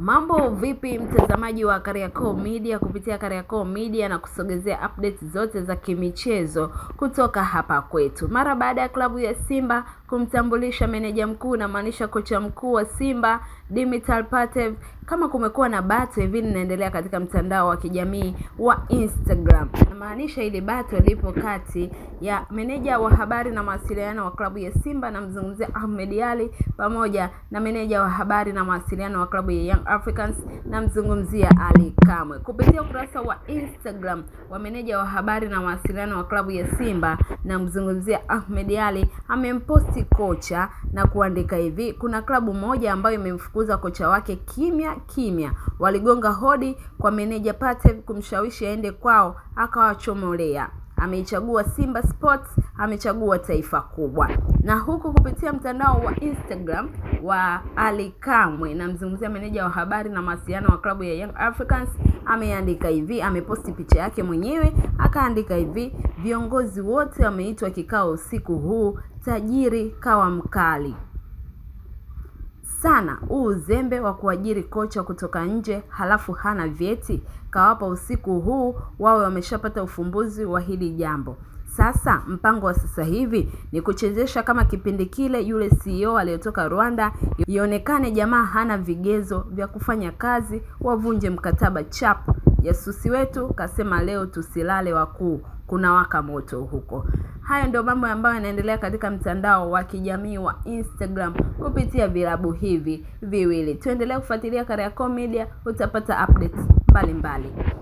Mambo vipi mtazamaji wa Kariakoo Media, kupitia Kariakoo Media na kusogezea updates zote za kimichezo kutoka hapa kwetu. Mara baada ya klabu ya Simba kumtambulisha meneja mkuu namaanisha kocha mkuu wa Simba Dimitar Patev. Kama kumekuwa na battle hivi linaendelea katika mtandao wa kijamii wa Instagram, namaanisha ile battle lipo kati ya meneja wa habari na mawasiliano wa klabu ya Simba, namzungumzia Ahmed Ali, pamoja na meneja wa habari na mawasiliano wa klabu ya Young Africans, namzungumzia Ali Kamwe. Kupitia ukurasa wa Instagram wa meneja wa habari na mawasiliano wa klabu ya Simba, namzungumzia Ahmed Ali, amemposti kumdhibiti kocha na kuandika hivi: kuna klabu moja ambayo imemfukuza kocha wake kimya kimya, waligonga hodi kwa meneja Pate kumshawishi aende kwao, akawachomolea. Ameichagua Simba Sports, amechagua taifa kubwa na huku kupitia mtandao wa Instagram wa Ali Kamwe, namzungumzia meneja wa habari na mawasiliano wa klabu ya Young Africans, ameandika hivi, ameposti picha yake mwenyewe akaandika hivi, viongozi wote wameitwa kikao usiku huu, tajiri kawa mkali sana huu uzembe wa kuajiri kocha kutoka nje halafu hana vyeti. Kawapa usiku huu wawe wameshapata ufumbuzi wa hili jambo. Sasa mpango wa sasa hivi ni kuchezesha kama kipindi kile yule CEO aliyotoka Rwanda, ionekane jamaa hana vigezo vya kufanya kazi, wavunje mkataba chap. Jasusi wetu kasema leo tusilale wakuu, kuna waka moto huko. Hayo ndio mambo ambayo yanaendelea katika mtandao wa kijamii wa Instagram kupitia vilabu hivi viwili. Tuendelee kufuatilia Kariakoo Media, utapata updates mbalimbali.